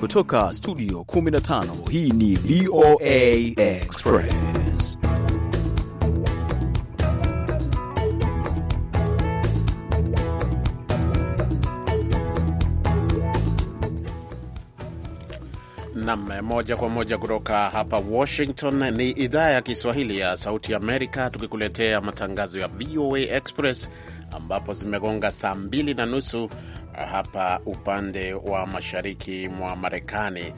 Kutoka studio 15 hii ni VOA Express. Nam moja kwa moja kutoka hapa Washington. Ni idhaa ya Kiswahili ya Sauti Amerika, tukikuletea matangazo ya VOA Express ambapo zimegonga saa mbili na nusu hapa upande wa mashariki mwa Marekani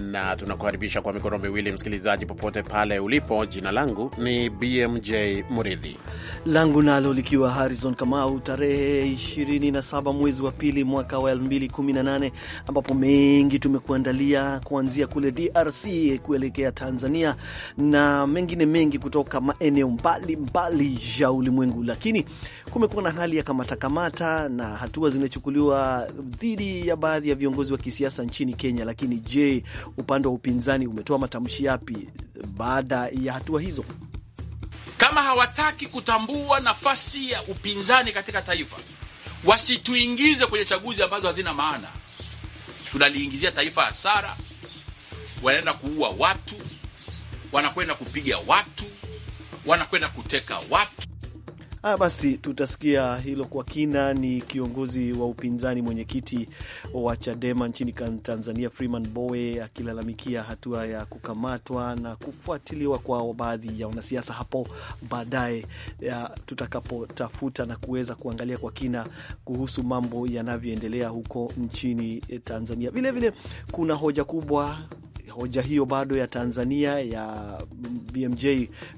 na tunakukaribisha kwa mikono miwili, msikilizaji, popote pale ulipo. Jina langu ni BMJ mridhi langu nalo likiwa Harrison Kamau, tarehe 27 mwezi wa pili mwaka wa 2018 ambapo mengi tumekuandalia kuanzia kule DRC kuelekea Tanzania na mengine mengi kutoka maeneo mbalimbali ya ulimwengu, lakini kumekuwa na hali ya kamatakamata na hatua zinachukuliwa dhidi ya baadhi ya viongozi wa kisiasa nchini Kenya. Lakini je, upande wa upinzani umetoa matamshi yapi baada ya hatua hizo? Kama hawataki kutambua nafasi ya upinzani katika taifa, wasituingize kwenye chaguzi ambazo hazina maana. Tunaliingizia taifa hasara, wanaenda kuua watu, wanakwenda kupiga watu, wanakwenda kuteka watu. Haya ah, basi, tutasikia hilo kwa kina. Ni kiongozi wa upinzani, mwenyekiti wa Chadema nchini Tanzania, Freeman Mbowe akilalamikia hatua ya kukamatwa na kufuatiliwa kwa baadhi ya wanasiasa hapo baadaye, tutakapotafuta na kuweza kuangalia kwa kina kuhusu mambo yanavyoendelea huko nchini eh, Tanzania. Vilevile kuna hoja kubwa hoja hiyo bado ya Tanzania ya BMJ,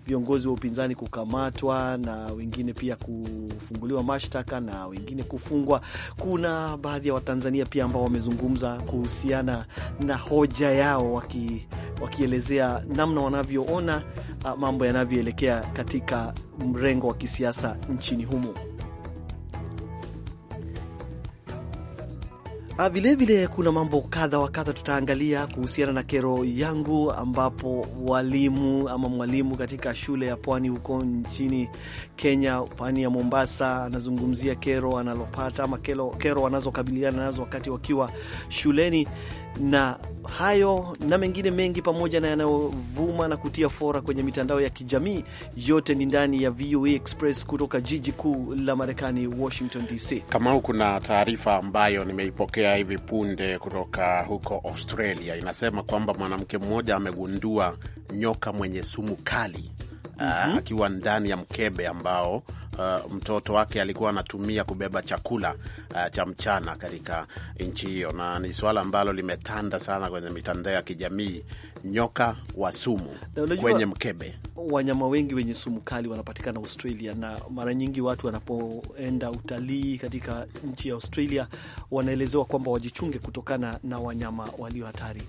viongozi wa upinzani kukamatwa na wengine pia kufunguliwa mashtaka na wengine kufungwa. Kuna baadhi ya Watanzania pia ambao wamezungumza kuhusiana na hoja yao waki, wakielezea namna wanavyoona ah, mambo yanavyoelekea katika mrengo wa kisiasa nchini humo. Vilevile ah, kuna mambo kadha wa kadha tutaangalia kuhusiana na kero yangu, ambapo walimu ama mwalimu katika shule ya pwani huko nchini Kenya, pwani ya Mombasa, anazungumzia kero analopata ama kero, kero wanazokabiliana nazo wakati wakiwa shuleni na hayo na mengine mengi pamoja na yanayovuma na kutia fora kwenye mitandao ya kijamii yote ni ndani ya VOA Express kutoka jiji kuu la Marekani, Washington DC. kama hu kuna taarifa ambayo nimeipokea hivi punde kutoka huko Australia, inasema kwamba mwanamke mmoja amegundua nyoka mwenye sumu kali mm -hmm. uh, akiwa ndani ya mkebe ambao Uh, mtoto wake alikuwa anatumia kubeba chakula uh, cha mchana katika nchi hiyo, na ni suala ambalo limetanda sana kwenye mitandao ya kijamii nyoka wa sumu kwenye mkebe. Wanyama wengi wenye sumu kali wanapatikana Australia, na mara nyingi watu wanapoenda utalii katika nchi ya Australia wanaelezewa kwamba wajichunge kutokana na wanyama walio hatari,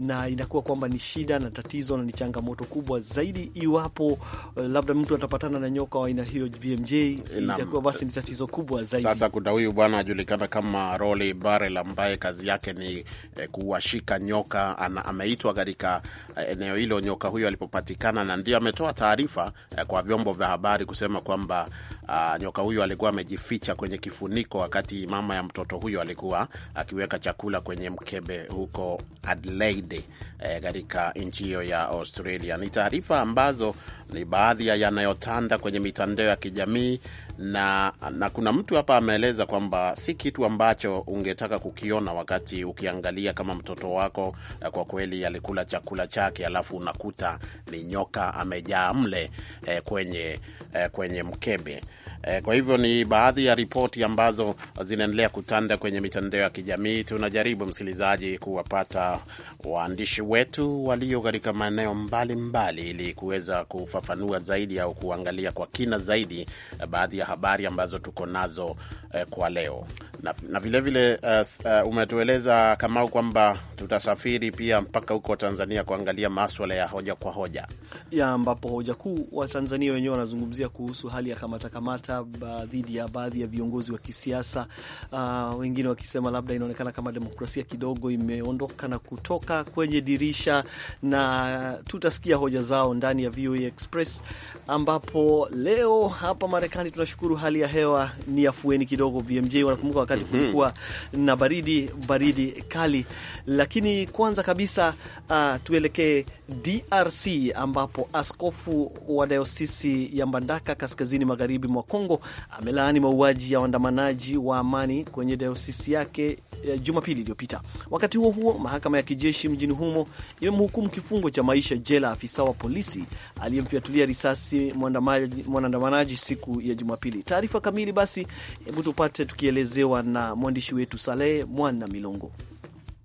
na inakuwa kwamba ni shida na tatizo na ni changamoto kubwa zaidi. Iwapo eh, labda mtu atapatana na nyoka wa aina hiyo BMJ, itakuwa basi ni tatizo kubwa zaidi. Sasa kuna huyu bwana ajulikana kama Rolly Barrel ambaye kazi yake ni eh, kuwashika nyoka, ameitwa katika Eh, eneo hilo nyoka huyo alipopatikana, na ndio ametoa taarifa eh, kwa vyombo vya habari kusema kwamba uh, nyoka huyo alikuwa amejificha kwenye kifuniko wakati mama ya mtoto huyo alikuwa akiweka chakula kwenye mkebe huko Adelaide eh, katika eh, nchi hiyo ya Australia. Ni taarifa ambazo ni baadhi ya yanayotanda kwenye mitandao ya kijamii na, na kuna mtu hapa ameeleza kwamba si kitu ambacho ungetaka kukiona wakati ukiangalia kama mtoto wako eh, kwa kweli alikula chakula chake, alafu unakuta ni nyoka amejaa mle eh, kwenye, eh, kwenye mkebe E, kwa hivyo ni baadhi ya ripoti ambazo zinaendelea kutanda kwenye mitandao ya kijamii. Tunajaribu msikilizaji, kuwapata waandishi wetu walio katika maeneo mbalimbali ili kuweza kufafanua zaidi au kuangalia kwa kina zaidi eh, baadhi ya habari ambazo tuko nazo eh, kwa leo na, na vile vile, uh, umetueleza Kamau kwamba tutasafiri pia mpaka huko Tanzania kuangalia maswala ya hoja kwa hoja ya ambapo hoja kuu wa Tanzania wenyewe wanazungumzia kuhusu hali ya kamata kamata mikataba uh, dhidi ya baadhi ya viongozi wa kisiasa uh, wengine wakisema labda inaonekana kama demokrasia kidogo imeondoka na kutoka kwenye dirisha, na tutasikia hoja zao ndani ya VOA Express, ambapo leo hapa Marekani tunashukuru hali ya hewa ni afueni kidogo. BMJ wanakumbuka wakati mhm. kulikuwa na baridi baridi kali, lakini kwanza kabisa uh, tuelekee DRC ambapo askofu wa dayosisi ya Mbandaka kaskazini magharibi mwa Kongo Kongo amelaani mauaji ya waandamanaji wa amani kwenye dayosisi yake ya eh, Jumapili iliyopita. Wakati huo huo, mahakama ya kijeshi mjini humo imemhukumu kifungo cha maisha jela afisa wa polisi aliyemfiatulia risasi mwandamanaji siku ya Jumapili. Taarifa kamili basi, hebu tupate tukielezewa na mwandishi wetu Saleh Mwana Milongo.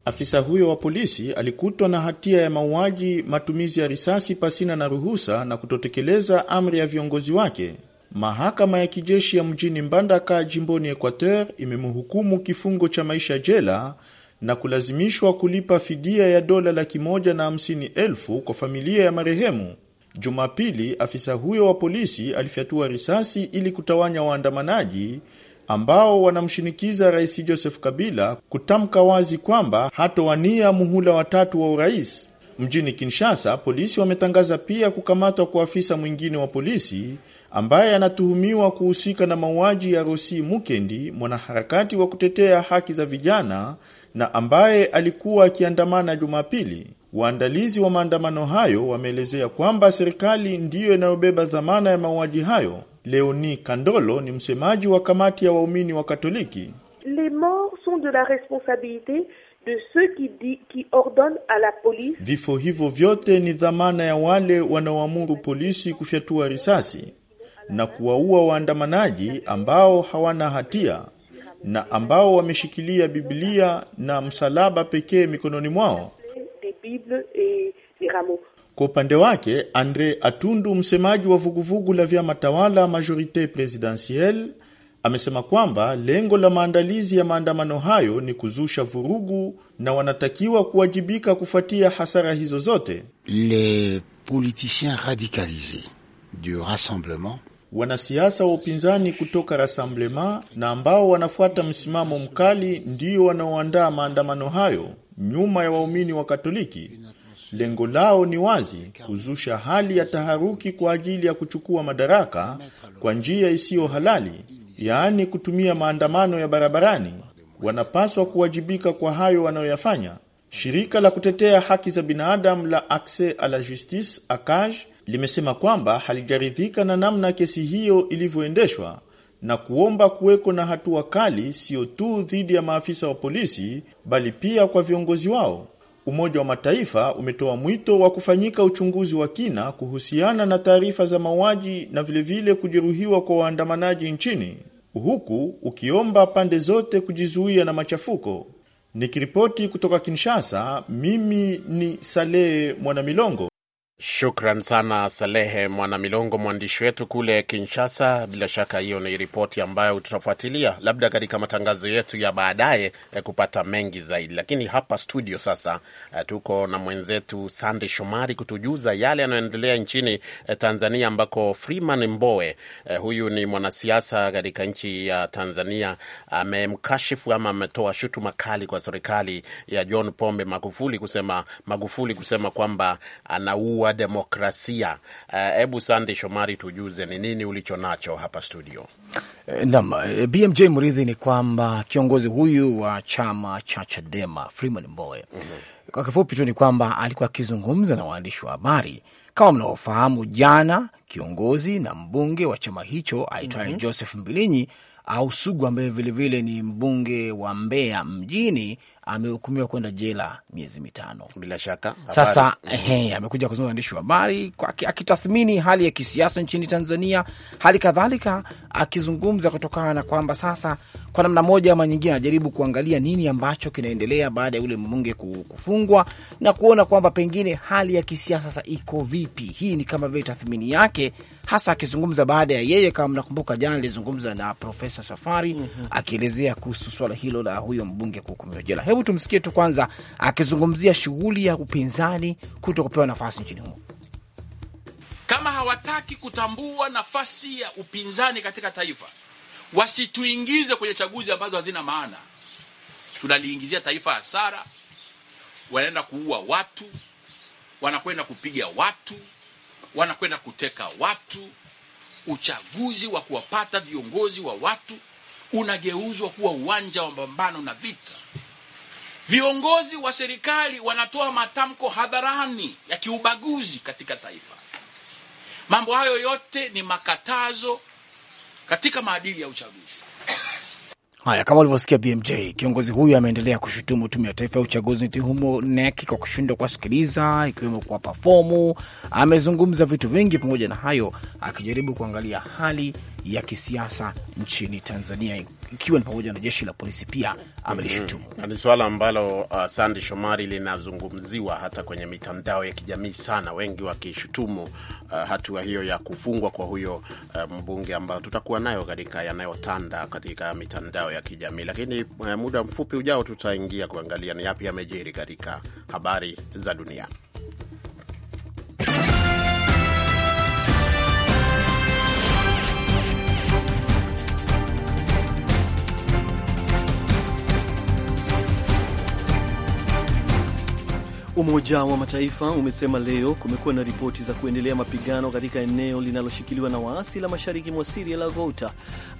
Afisa huyo wa polisi alikutwa na hatia ya mauaji, matumizi ya risasi pasina na ruhusa na kutotekeleza amri ya viongozi wake Mahakama ya kijeshi ya mjini Mbandaka jimboni Equateur imemhukumu kifungo cha maisha jela na kulazimishwa kulipa fidia ya dola laki moja na hamsini elfu kwa familia ya marehemu. Jumapili, afisa huyo wa polisi alifyatua risasi ili kutawanya waandamanaji ambao wanamshinikiza Rais Joseph Kabila kutamka wazi kwamba hatowania muhula watatu wa urais. Mjini Kinshasa, polisi wametangaza pia kukamatwa kwa afisa mwingine wa polisi ambaye anatuhumiwa kuhusika na mauaji ya Rosi Mukendi, mwanaharakati wa kutetea haki za vijana na ambaye alikuwa akiandamana Jumapili. Waandalizi wa maandamano hayo wameelezea kwamba serikali ndiyo inayobeba dhamana ya mauaji hayo. Leoni Kandolo ni msemaji wa kamati ya waumini wa Katoliki. Les morts sont de la responsabilite de ceux qui di, qui ordonnent a la police. Vifo hivyo vyote ni dhamana ya wale wanaoamuru polisi kufyatua risasi na kuwaua waandamanaji ambao hawana hatia na ambao wameshikilia Biblia na msalaba pekee mikononi mwao. Kwa upande wake, Andre Atundu, msemaji wa vuguvugu la vyama tawala Majorite Presidentielle, amesema kwamba lengo la maandalizi ya maandamano hayo ni kuzusha vurugu na wanatakiwa kuwajibika kufuatia hasara hizo zote. Les politiciens radicalises du rassemblement Wanasiasa wa upinzani kutoka Rassemblement na ambao wanafuata msimamo mkali ndio wanaoandaa maandamano hayo nyuma ya waumini wa Katoliki. Lengo lao ni wazi, kuzusha hali ya taharuki kwa ajili ya kuchukua madaraka kwa njia isiyo halali, yaani kutumia maandamano ya barabarani. Wanapaswa kuwajibika kwa hayo wanayoyafanya. Shirika la kutetea haki za binadamu la Access à la Justice, ACAJ limesema kwamba halijaridhika na namna kesi hiyo ilivyoendeshwa na kuomba kuweko na hatua kali siyo tu dhidi ya maafisa wa polisi bali pia kwa viongozi wao. Umoja wa Mataifa umetoa mwito wa kufanyika uchunguzi wa kina kuhusiana na taarifa za mauaji na vilevile kujeruhiwa kwa waandamanaji nchini, huku ukiomba pande zote kujizuia na machafuko. Nikiripoti kutoka Kinshasa, mimi ni Saleh Mwanamilongo. Shukran sana Salehe Mwanamilongo, mwandishi wetu kule Kinshasa. Bila shaka hiyo ni ripoti ambayo tutafuatilia labda katika matangazo yetu ya baadaye eh, kupata mengi zaidi, lakini hapa studio sasa eh, tuko na mwenzetu Sande Shomari kutujuza yale yanayoendelea nchini eh, Tanzania, ambako Freeman Mbowe, huyu ni mwanasiasa katika nchi ya Tanzania, amemkashifu ama ametoa shutuma kali kwa serikali ya John Pombe Magufuli kusema Magufuli kusema kwamba anaua wa demokrasia. Hebu eh, uh, Sande Shomari, tujuze ni nini ulicho nacho hapa studio. Eh, naam, eh, BMJ Mridhi, ni kwamba kiongozi huyu wa chama cha Chadema Freeman Mbowe mm -hmm. kwa kifupi tu ni kwamba alikuwa akizungumza na waandishi wa habari kama mnavyofahamu, jana kiongozi na mbunge wa chama hicho aitwaye mm -hmm. Joseph Mbilinyi au Sugu ambaye vilevile ni mbunge wa Mbeya mjini amehukumiwa kwenda jela miezi mitano. Bila shaka sasa, ehe, amekuja kuzungumza waandishi wa habari akitathmini hali ya kisiasa nchini Tanzania, hali kadhalika akizungumza kutokana na kwamba sasa, kwa namna moja ama nyingine, anajaribu kuangalia nini ambacho kinaendelea baada ya ule mbunge kufungwa na kuona kwamba pengine hali ya kisiasa sasa iko vipi. Hii ni kama vile tathmini yake, hasa akizungumza baada ya yeye, kama mnakumbuka, jana alizungumza na Profesa Safari mm -hmm. akielezea kuhusu swala hilo la huyo mbunge kuhukumiwa jela. Hebu hebu tumsikie tu kwanza akizungumzia shughuli ya upinzani kuto kupewa nafasi nchini humo. Kama hawataki kutambua nafasi ya upinzani katika taifa, wasituingize kwenye chaguzi ambazo hazina maana. Tunaliingizia taifa hasara, wanaenda kuua watu, wanakwenda kupiga watu, wanakwenda kuteka watu. Uchaguzi wa kuwapata viongozi wa watu unageuzwa kuwa uwanja wa mapambano na vita. Viongozi wa serikali wanatoa matamko hadharani ya kiubaguzi katika taifa. Mambo hayo yote ni makatazo katika maadili ya uchaguzi. Haya, kama ulivyosikia BMJ, kiongozi huyu ameendelea kushutumu Tume ya Taifa ya Uchaguzi humo NEC kwa kushindwa kuwasikiliza, ikiwemo kuwapa fomu. Amezungumza vitu vingi, pamoja na hayo akijaribu kuangalia hali ya kisiasa nchini Tanzania, ikiwa ni pamoja na jeshi la polisi pia amelishutumu. mm -hmm. Ni swala ambalo uh, Sandi Shomari, linazungumziwa hata kwenye mitandao ya kijamii sana, wengi wakishutumu uh, hatua hiyo ya kufungwa kwa huyo uh, mbunge ambayo tutakuwa nayo katika yanayotanda katika mitandao ya kijamii lakini, uh, muda mfupi ujao tutaingia kuangalia ni yapi yamejiri katika habari za dunia. Umoja wa Mataifa umesema leo kumekuwa na ripoti za kuendelea mapigano katika eneo linaloshikiliwa na waasi la mashariki mwa Siria la Ghouta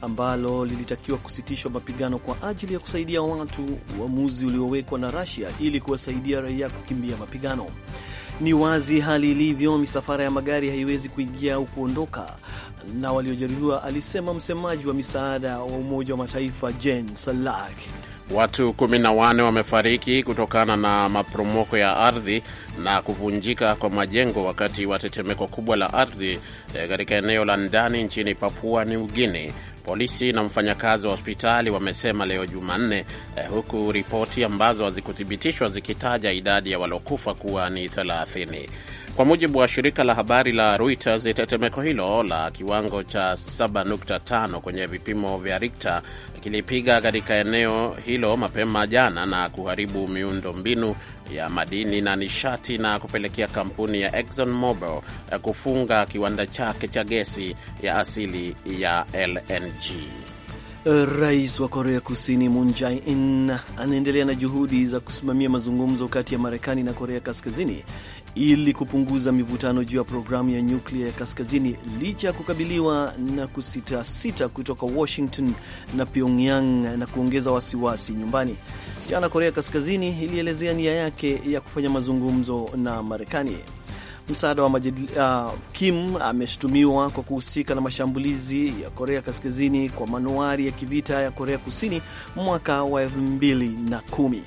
ambalo lilitakiwa kusitishwa mapigano kwa ajili ya kusaidia watu, uamuzi uliowekwa na rasia ili kuwasaidia raia kukimbia mapigano. Ni wazi hali ilivyo, misafara ya magari haiwezi kuingia au kuondoka na waliojeruhiwa, alisema msemaji wa misaada wa Umoja wa Mataifa Jen Salak. Watu wane wamefariki kutokana na maporomoko ya ardhi na kuvunjika kwa majengo wakati wa tetemeko kubwa la ardhi eh, katika eneo la ndani nchini Papua New Guinea, polisi na mfanyakazi wa hospitali wamesema leo Jumanne, eh, huku ripoti ambazo hazikuthibitishwa zikitaja idadi ya walokufa kuwa ni thelathini kwa mujibu wa shirika la habari la Reuters, tetemeko hilo la kiwango cha 7.5 kwenye vipimo vya Richter kilipiga katika eneo hilo mapema jana na kuharibu miundo mbinu ya madini na nishati na kupelekea kampuni ya Exxon Mobil kufunga kiwanda chake cha gesi ya asili ya LNG. Rais wa Korea Kusini Moon Jae-in anaendelea na juhudi za kusimamia mazungumzo kati ya Marekani na Korea Kaskazini ili kupunguza mivutano juu ya programu ya nyuklia ya kaskazini licha ya kukabiliwa na kusitasita kutoka Washington na Pyongyang na kuongeza wasiwasi nyumbani. Jana Korea Kaskazini ilielezea nia yake ya kufanya mazungumzo na Marekani. Msaada wa majid, uh, Kim ameshutumiwa kwa kuhusika na mashambulizi ya Korea Kaskazini kwa manuari ya kivita ya Korea Kusini mwaka wa 21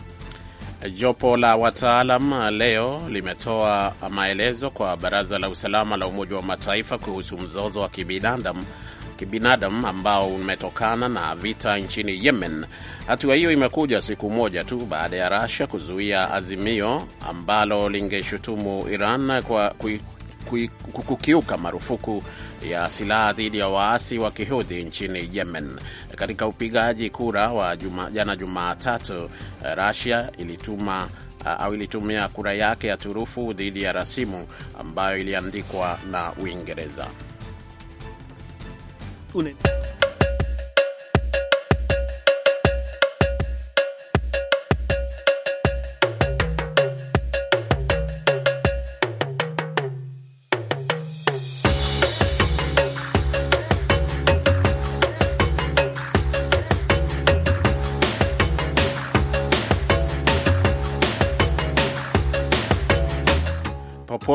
Jopo la wataalam leo limetoa maelezo kwa Baraza la Usalama la Umoja wa Mataifa kuhusu mzozo wa kibinadamu kibinadamu ambao umetokana na vita nchini Yemen. Hatua hiyo imekuja siku moja tu baada ya Russia kuzuia azimio ambalo lingeshutumu Iran kwa kukiuka marufuku ya silaha dhidi ya waasi wa kihudhi nchini Yemen. Katika upigaji kura wa juma, jana Jumatatu, eh, Russia ilituma eh, au ilitumia kura yake ya turufu dhidi ya rasimu ambayo iliandikwa na Uingereza Une.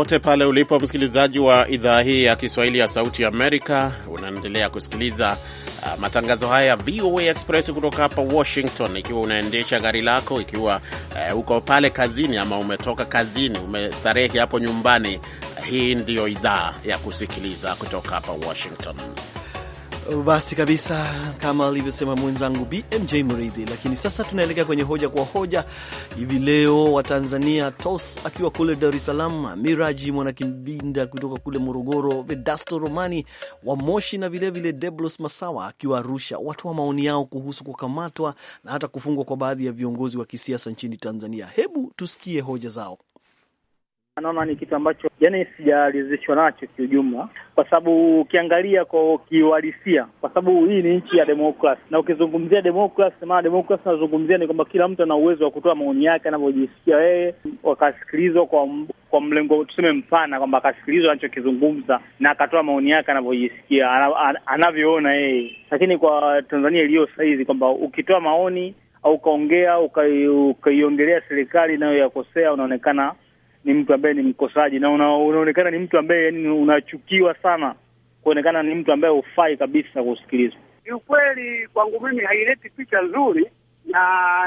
popote pale ulipo msikilizaji wa idhaa hii ya Kiswahili ya Sauti Amerika, unaendelea kusikiliza uh, matangazo haya ya VOA Express kutoka hapa Washington, ikiwa unaendesha gari lako, ikiwa uh, uko pale kazini ama umetoka kazini, umestarehe hapo nyumbani. Hii ndiyo idhaa ya kusikiliza kutoka hapa Washington. Basi kabisa kama alivyosema mwenzangu BMJ Mridhi. Lakini sasa tunaelekea kwenye hoja kwa hoja hivi leo. Watanzania Tos akiwa kule Dar es Salaam, Miraji Mwanakibinda kutoka kule Morogoro, Vedasto Romani wa Moshi na vilevile Deblos Masawa akiwa Arusha watoa maoni yao kuhusu kukamatwa na hata kufungwa kwa baadhi ya viongozi wa kisiasa nchini Tanzania. Hebu tusikie hoja zao naona ni kitu ambacho yani sijaridhishwa nacho kiujumla, kwa sababu ukiangalia kwa ukiwalisia kwa sababu hii ni nchi ya demokrasi, na ukizungumzia demokrasi, maana demokrasi nazungumzia ni kwamba kila mtu ana uwezo wa kutoa maoni yake anavyojisikia yeye, wakasikilizwa kwa kwa mlengo tuseme mpana, kwamba akasikilizwa anachokizungumza na akatoa maoni yake anavyojisikia anavyoona yeye. Lakini kwa Tanzania iliyo sahizi kwamba ukitoa maoni au ukaongea ukaiongelea serikali nayo yakosea, unaonekana ni mtu ambaye ni mkosaji na una, unaonekana ni mtu ambaye yani unachukiwa sana, kuonekana ni mtu ambaye hufai kabisa kusikilizwa. Kiukweli kwangu mimi haileti picha nzuri, na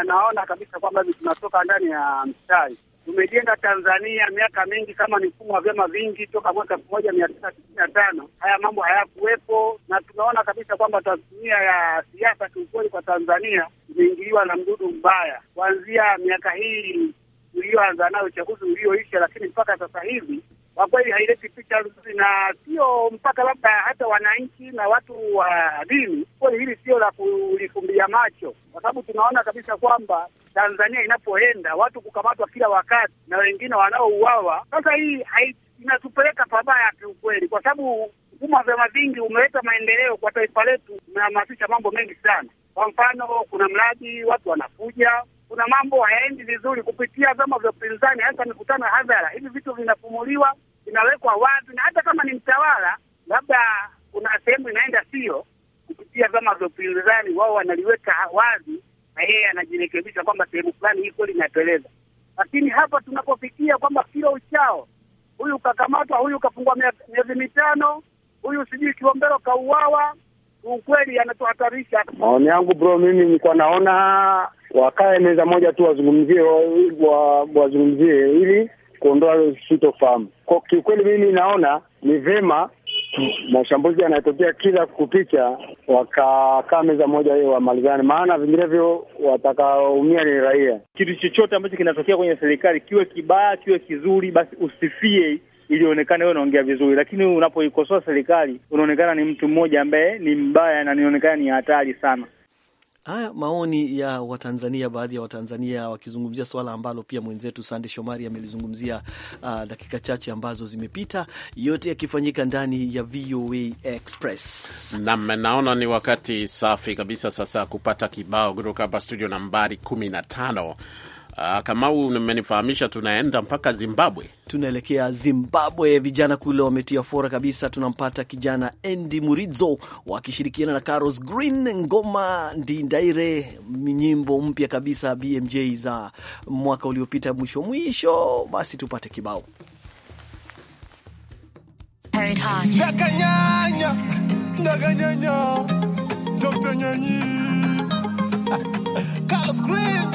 naona kabisa kwamba hivi tunatoka ndani ya mstari. Tumejenga Tanzania miaka mingi kama ni mfumo wa vyama vingi toka mwaka elfu moja mia tisa tisini na tano. Haya mambo hayakuwepo, na tunaona kabisa kwamba tasnia ya siasa kiukweli kwa Tanzania imeingiliwa na mdudu mbaya kuanzia miaka hii ulioanza nayo uchaguzi ulioisha, lakini mpaka sasa hivi kwa kweli haileti picha nzuri, na sio mpaka labda hata wananchi na watu wa dini. Kweli hili sio la kulifumbia macho, kwa sababu tunaona kabisa kwamba Tanzania inapoenda watu kukamatwa kila wakati na wengine wanaouawa. Sasa hii hai inatupeleka pabaya kiukweli, kwa sababu huduma vyama vingi umeleta maendeleo kwa taifa letu, umehamasisha mambo mengi sana. Kwa mfano, kuna mradi watu wanakuja kuna mambo hayaendi vizuri kupitia vyama vya upinzani, hasa mikutano ya hadhara. Hivi vitu vinafumuliwa, vinawekwa wazi, na hata kama ni mtawala, labda kuna sehemu inaenda sio kupitia vyama vya upinzani, wao wanaliweka wazi na yeye anajirekebisha kwamba sehemu fulani hii kweli inapeleza. Lakini hapa tunapofikia kwamba kila uchao huyu ukakamatwa, huyu ukafungua miezi mitano, huyu sijui Kiombero kauawa ukweli yanatuhatarisha. Maoni yangu bro, mimi nilikuwa naona wakae meza moja tu wazungumzie, wazungumzie wa, ili kuondoa sitofahamu. Kwa kiukweli, mimi naona ni vema mashambulizi yanayotokea kila kupicha wakakaa meza moja hiyo wamalizane, maana vinginevyo watakaumia ni raia. Kitu chochote ambacho kinatokea kwenye serikali, kiwe kibaya kiwe kizuri, basi usifie ili uonekane wewe unaongea vizuri, lakini unapoikosoa serikali unaonekana ni mtu mmoja ambaye ni mbaya na nionekana ni hatari sana. Haya maoni ya Watanzania, baadhi ya Watanzania wakizungumzia swala ambalo pia mwenzetu Sande Shomari amelizungumzia uh, dakika chache ambazo zimepita, yote yakifanyika ndani ya VOA Express. Nam, naona ni wakati safi kabisa sasa kupata kibao kutoka hapa studio nambari 15 Uh, ah, kama umenifahamisha, tunaenda mpaka Zimbabwe, tunaelekea Zimbabwe. Vijana kule wametia fora kabisa. Tunampata kijana Andy murizo wakishirikiana na Carlos Green, ngoma Ndindaire, nyimbo mpya kabisa BMJ za mwaka uliopita mwisho mwisho. Basi tupate kibao Carlos Green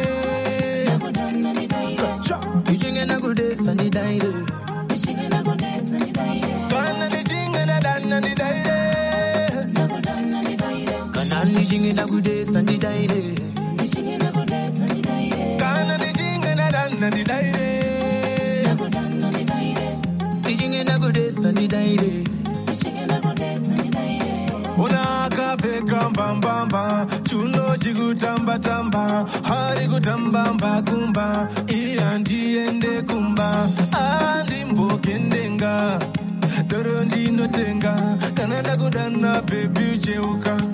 jingina gude sandi daire. Nishingina gude sandi daire. Kana ni jingina danna ni daire. Nago danna ni daire. Nishingina gude sandi daire. Nishingina gude sandi daire. Una kape kambambamba, chulo jigu tamba, tamba, hari gutambamba kumba, iya ndiende kumba, andi mbokendenga, doro ndinotenga, kana ndakudanna baby ucheuka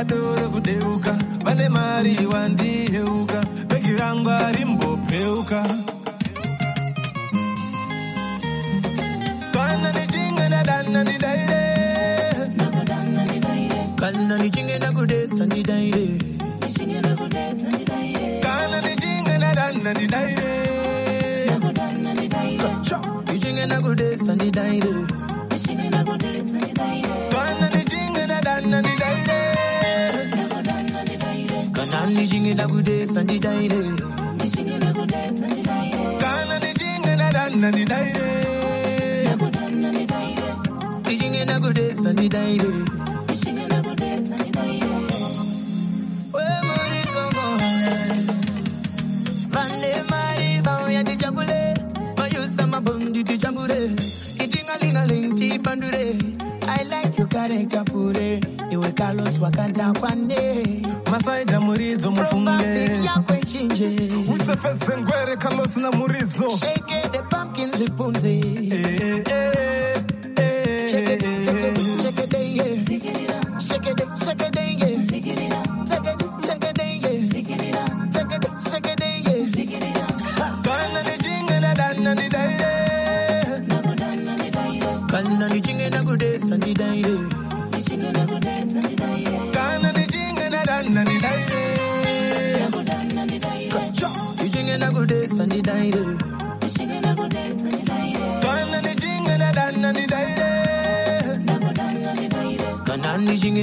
adoro kudeuka vane mari wandiyeuka bhegi rangu arimbopeuka kana nichinge nadanna ndidaire kana nichinge nakudesa ndidaire kana nichinge nadanna ndidaire nichinge nakudesa ndidaire Kani jingi na gude sandi daire. Kana ni na dan ni daire. na gude sandi daire. I like mukare kapure iwe carlos wakanda kwane masaida muridzo mufunge yako ichinje usefeze ngwere carlos na muridzo shake the pumpkin zvipunze eh eh, eh, eh, eh. Shake it, shake it, shake it, shake it, shake it, shake it, shake it.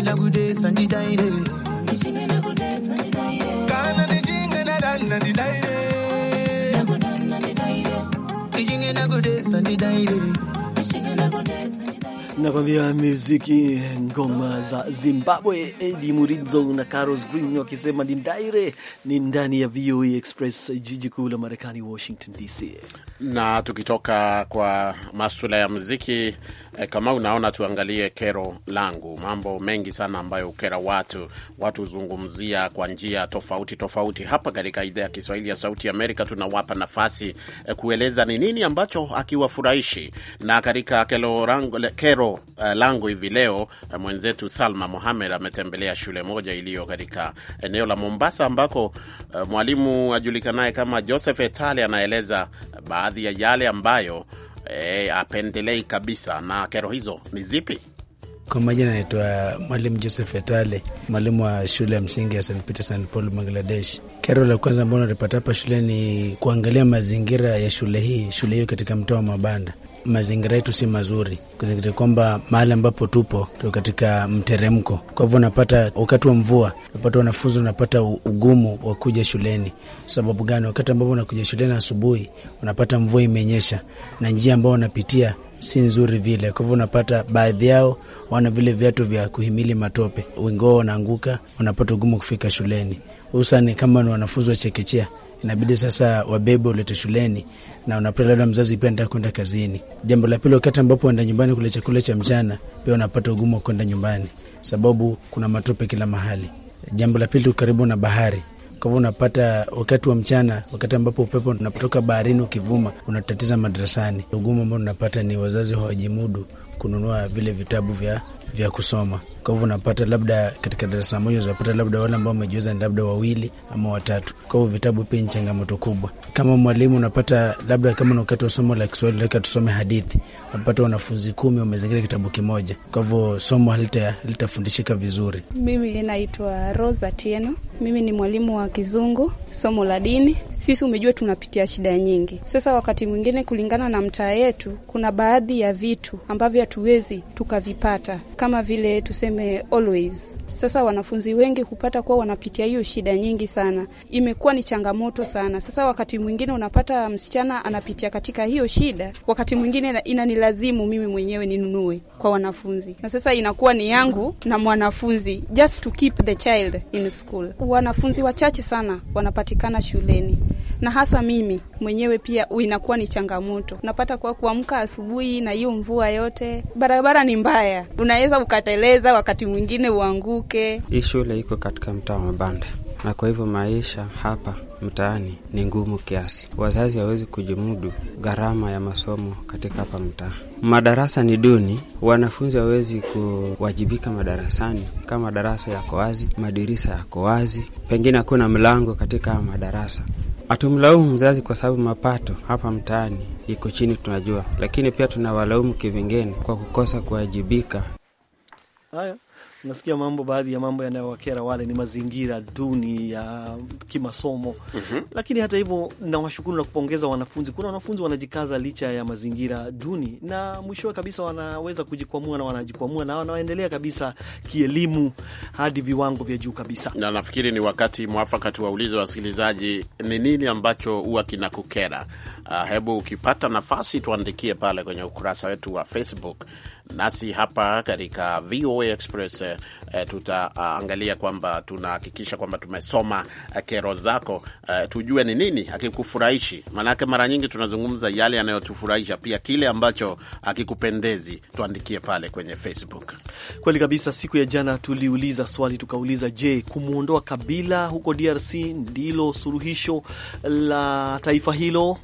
na gude sandi daire kana na ni daire na gude sandi daire nakwambia muziki ngoma za Zimbabwe, Edi Murizo na Carlos Green wakisema ni ndaire. Ni ndani ya VOA e Express, jiji kuu la Marekani, Washington DC. Na tukitoka kwa maswala ya muziki, E, kama unaona, tuangalie kero langu. Mambo mengi sana ambayo ukera watu, watu zungumzia kwa njia tofauti tofauti. Hapa katika idhaa ya Kiswahili ya Sauti ya Amerika tunawapa nafasi e, kueleza ni nini ambacho akiwafurahishi, Na katika kero langu, eh, kero langu hivi leo eh, mwenzetu Salma Mohamed ametembelea shule moja iliyo katika eneo la Mombasa ambako eh, mwalimu ajulikanaye kama Joseph Etale anaeleza baadhi ya yale ambayo eh, apendelei kabisa. Na kero hizo ni zipi? Kwa majina anaitwa Mwalimu Joseph Etale, mwalimu wa shule ya msingi ya St Peter St Paul, Bangladesh. Kero la kwanza ambao nalipata hapa shule ni kuangalia mazingira ya shule hii. Shule hiyo katika mtaa wa mabanda mazingira yetu si mazuri, kuzingatia kwamba mahali ambapo tupo tu katika mteremko. Kwa hivyo unapata wakati wa mvua, unapata wanafunzi unapata ugumu wa kuja shuleni. Sababu gani? Wakati ambapo unakuja shuleni asubuhi, unapata mvua imenyesha, na njia ambao unapitia si nzuri vile. Kwa hivyo unapata baadhi yao wana vile viatu vya kuhimili matope, wengi wanaanguka, wanapata ugumu kufika shuleni, hususani kama ni wanafunzi wa chekechea inabidi sasa wabebe ulete shuleni, na unapata labda mzazi pia anataka kwenda kazini. Jambo la pili, wakati ambapo enda nyumbani kula chakula cha mchana, pia unapata ugumu wa kwenda nyumbani sababu kuna matope kila mahali. Jambo la pili, karibu na bahari, kwa hivyo unapata wakati wa mchana, wakati ambapo upepo unapotoka baharini ukivuma, unatatiza madarasani. Ugumu ambao unapata ni wazazi hawajimudu kununua vile vitabu vya vya kusoma. Kwa hivyo unapata labda katika darasa moja utapata labda wale ambao wamejiuza ni labda wawili ama watatu. Kwa hivyo vitabu pia ni changamoto kubwa. Kama mwalimu unapata labda kama ni wakati wa somo la Kiswahili leka tusome hadithi, unapata wanafunzi kumi wamezingira kitabu kimoja, kwa hivyo somo halitafundishika vizuri. Mimi naitwa Rosa Tieno, mimi ni mwalimu wa Kizungu, somo la dini. Sisi umejua tunapitia shida nyingi. Sasa wakati mwingine kulingana na mtaa yetu, kuna baadhi ya vitu ambavyo hatuwezi tukavipata kama vile tuseme always. Sasa wanafunzi wengi hupata kuwa wanapitia hiyo shida nyingi sana, imekuwa ni changamoto sana. Sasa wakati mwingine unapata msichana anapitia katika hiyo shida, wakati mwingine inanilazimu mimi mwenyewe ninunue kwa wanafunzi, na sasa inakuwa ni yangu na mwanafunzi, just to keep the child in school. Wanafunzi wachache sana wanapatikana shuleni na hasa mimi mwenyewe pia inakuwa ni changamoto. Unapata kwa kuamka asubuhi na hiyo mvua yote, barabara ni mbaya, unaweza unaweza ukateleza, wakati mwingine uanguke. Hii shule iko katika mtaa wa mabanda, na kwa hivyo maisha hapa mtaani ni ngumu kiasi, wazazi hawawezi kujimudu gharama ya masomo katika hapa mtaa. Madarasa ni duni, wanafunzi hawawezi kuwajibika madarasani. Kama madarasa yako wazi, madirisa yako wazi, pengine hakuna mlango katika madarasa. Hatumlaumu mzazi kwa sababu mapato hapa mtaani iko chini, tunajua, lakini pia tunawalaumu kivingine kwa kukosa kuwajibika Haya, unasikia mambo, baadhi ya mambo yanayowakera wale ni mazingira duni ya kimasomo. mm -hmm. Lakini hata hivyo nawashukuru na kupongeza wanafunzi. Kuna wanafunzi wanajikaza licha ya mazingira duni, na mwishowe kabisa wanaweza kujikwamua na wanajikwamua na wanaendelea kabisa kielimu hadi viwango vya juu kabisa. Na nafikiri ni wakati mwafaka tuwaulize wasikilizaji ni nini ambacho huwa kinakukera. Uh, hebu ukipata nafasi tuandikie pale kwenye ukurasa wetu wa Facebook nasi hapa katika VOA Express eh, tutaangalia uh, kwamba tunahakikisha kwamba tumesoma uh, kero zako uh, tujue ni nini akikufurahishi Maanake mara nyingi tunazungumza yale yanayotufurahisha, pia kile ambacho akikupendezi tuandikie pale kwenye Facebook. Kweli kabisa. Siku ya jana tuliuliza swali tukauliza, je, kumwondoa Kabila huko DRC ndilo suluhisho la taifa hilo?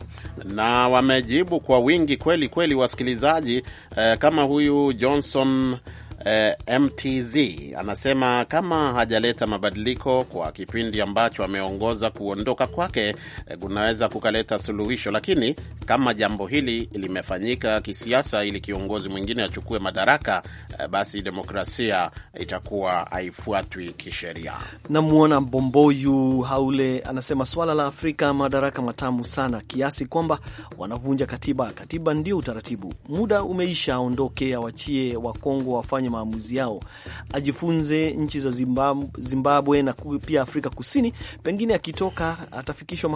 Na wamejibu kwa wingi kweli kweli wasikilizaji, eh, kama huyu Johnson eh, MTZ anasema kama hajaleta mabadiliko kwa kipindi ambacho ameongoza, kuondoka kwake eh, kunaweza kukaleta suluhisho, lakini kama jambo hili limefanyika kisiasa ili kiongozi mwingine achukue madaraka eh, basi demokrasia itakuwa haifuatwi kisheria. Namwona bomboyu Haule anasema swala la Afrika madaraka matamu sana kiasi kwamba wanavunja katiba. Katiba ndio utaratibu, muda umeisha, aondoke, awachie Wakongo wafanye maamuzi yao, ajifunze nchi za Zimbabwe, Zimbabwe na pia Afrika Kusini. Pengine akitoka atafikishwa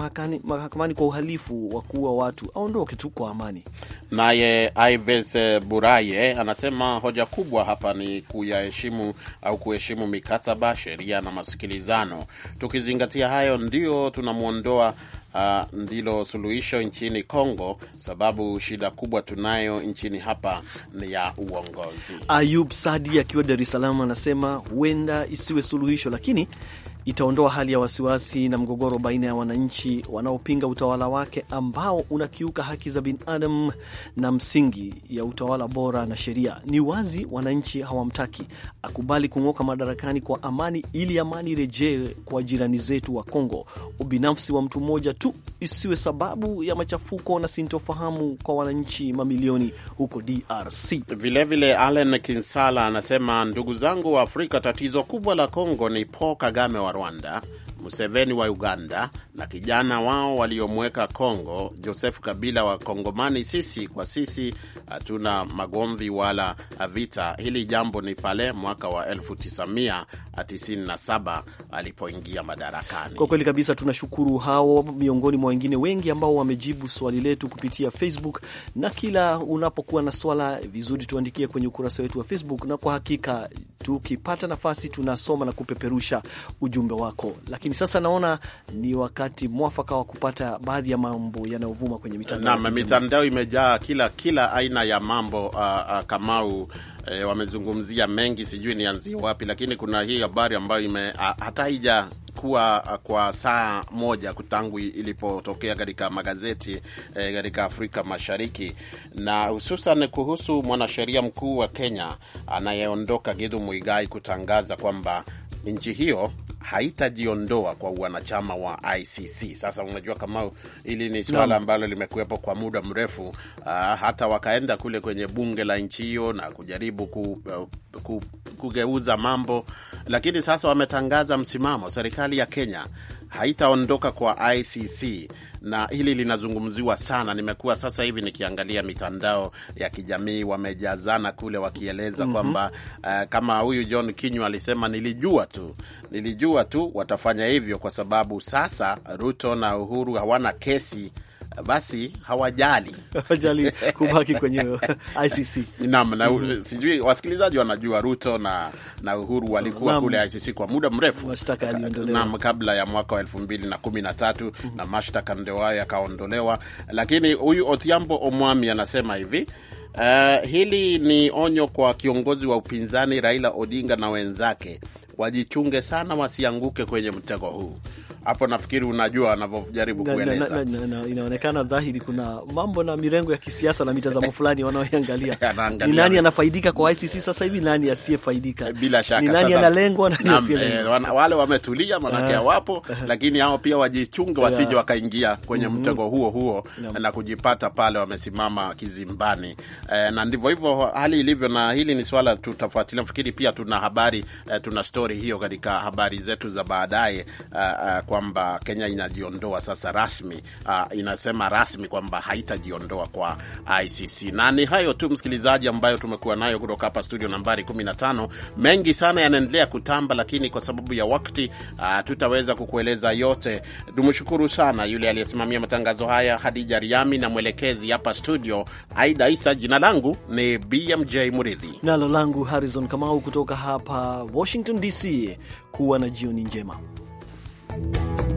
mahakamani kwa uhalifu wa kuua watu, aondoke tu kwa amani. Naye Ives Buraye anasema hoja kubwa hapa ni kuyaheshimu au kuheshimu mikataba, sheria na masikilizano. Tukizingatia hayo, ndio tunamwondoa uh, ndilo suluhisho nchini Kongo, sababu shida kubwa tunayo nchini hapa ni ya uongozi. Ayub Sadi akiwa Dar es Salaam anasema huenda isiwe suluhisho, lakini itaondoa hali ya wasiwasi na mgogoro baina ya wananchi wanaopinga utawala wake ambao unakiuka haki za binadamu na msingi ya utawala bora na sheria. Ni wazi wananchi hawamtaki akubali kung'oka madarakani kwa amani, ili amani irejee kwa jirani zetu wa Kongo. Ubinafsi wa mtu mmoja tu isiwe sababu ya machafuko na sintofahamu kwa wananchi mamilioni huko DRC. Vilevile vile Allen Kinsala anasema, ndugu zangu wa Afrika, tatizo kubwa la Kongo ni Paul Kagame wa Rwanda Museveni wa Uganda na kijana wao waliomweka Kongo Joseph Kabila wa Kongomani. Sisi kwa sisi hatuna magomvi wala vita. Hili jambo ni pale mwaka wa 1997 alipoingia madarakani. Kwa kweli kabisa, tunashukuru hao miongoni mwa wengine wengi ambao wamejibu swali letu kupitia Facebook, na kila unapokuwa na swala vizuri, tuandikie kwenye ukurasa wetu wa Facebook, na kwa hakika tukipata nafasi tunasoma na kupeperusha ujumbe wako, lakini sasa naona ni wakati mwafaka wa kupata baadhi ya mambo yanayovuma kwenye mitandao. mitandao imejaa kila kila aina ya mambo uh, uh, Kamau. E, wamezungumzia mengi, sijui nianzie wapi, lakini kuna hii habari ambayo ime hata haija kuwa kwa saa moja tangu ilipotokea katika magazeti e, katika Afrika Mashariki na hususan kuhusu mwanasheria mkuu wa Kenya anayeondoka Githu Muigai kutangaza kwamba nchi hiyo haitajiondoa kwa wanachama wa ICC. Sasa unajua kama hili ni swala ambalo limekuwepo kwa muda mrefu. Uh, hata wakaenda kule kwenye bunge la nchi hiyo na kujaribu ku, uh, ku, kugeuza mambo, lakini sasa wametangaza msimamo, serikali ya Kenya haitaondoka kwa ICC na hili linazungumziwa sana. Nimekuwa sasa hivi nikiangalia mitandao ya kijamii, wamejazana kule wakieleza mm -hmm. kwamba uh, kama huyu John Kinyu alisema, nilijua tu nilijua tu watafanya hivyo, kwa sababu sasa Ruto na Uhuru hawana kesi basi hawajali hawajali kubaki kwenye ICC. Naam, na mm Sijui wasikilizaji wanajua Ruto na, na Uhuru walikuwa kule ICC kwa muda mrefu Naam, kabla ya mwaka wa elfu mbili na kumi na tatu mm -hmm. na mashtaka ndio hayo yakaondolewa, lakini huyu otiambo Omwami anasema hivi uh, hili ni onyo kwa kiongozi wa upinzani Raila Odinga na wenzake, wajichunge sana wasianguke kwenye mtego huu hapo nafikiri unajua anavyojaribu kueleza. Inaonekana dhahiri kuna mambo na mirengo ya kisiasa na mitazamo fulani wanaoangalia Ni nani anafaidika kwa ICC sasa hivi, nani asiyefaidika? Eh, bila shaka ni nani analengwa, nani asiyelengwa. Eh, wale wametulia, manake eh, hawapo, lakini hao pia wajichunge wasije wakaingia kwenye mm-hmm. mtego huo huo na kujipata pale wamesimama kizimbani. Na ndivyo hivyo hali ilivyo, na hili ni swala tutafuatilia. Nafikiri pia tuna habari, tuna stori hiyo katika habari zetu za baadaye kwa kwamba Kenya inajiondoa sasa rasmi, uh, inasema rasmi kwamba haitajiondoa kwa ICC. Na ni hayo tu, msikilizaji, ambayo tumekuwa nayo kutoka hapa studio nambari 15. Mengi sana yanaendelea kutamba, lakini kwa sababu ya wakati uh, tutaweza kukueleza yote. Tumshukuru sana yule aliyesimamia matangazo haya Hadija Riami, na mwelekezi hapa studio Aida Isa. Jina langu ni BMJ Muridhi, nalo langu Harrison Kamau, kutoka hapa Washington DC. Kuwa na jioni njema. Bye.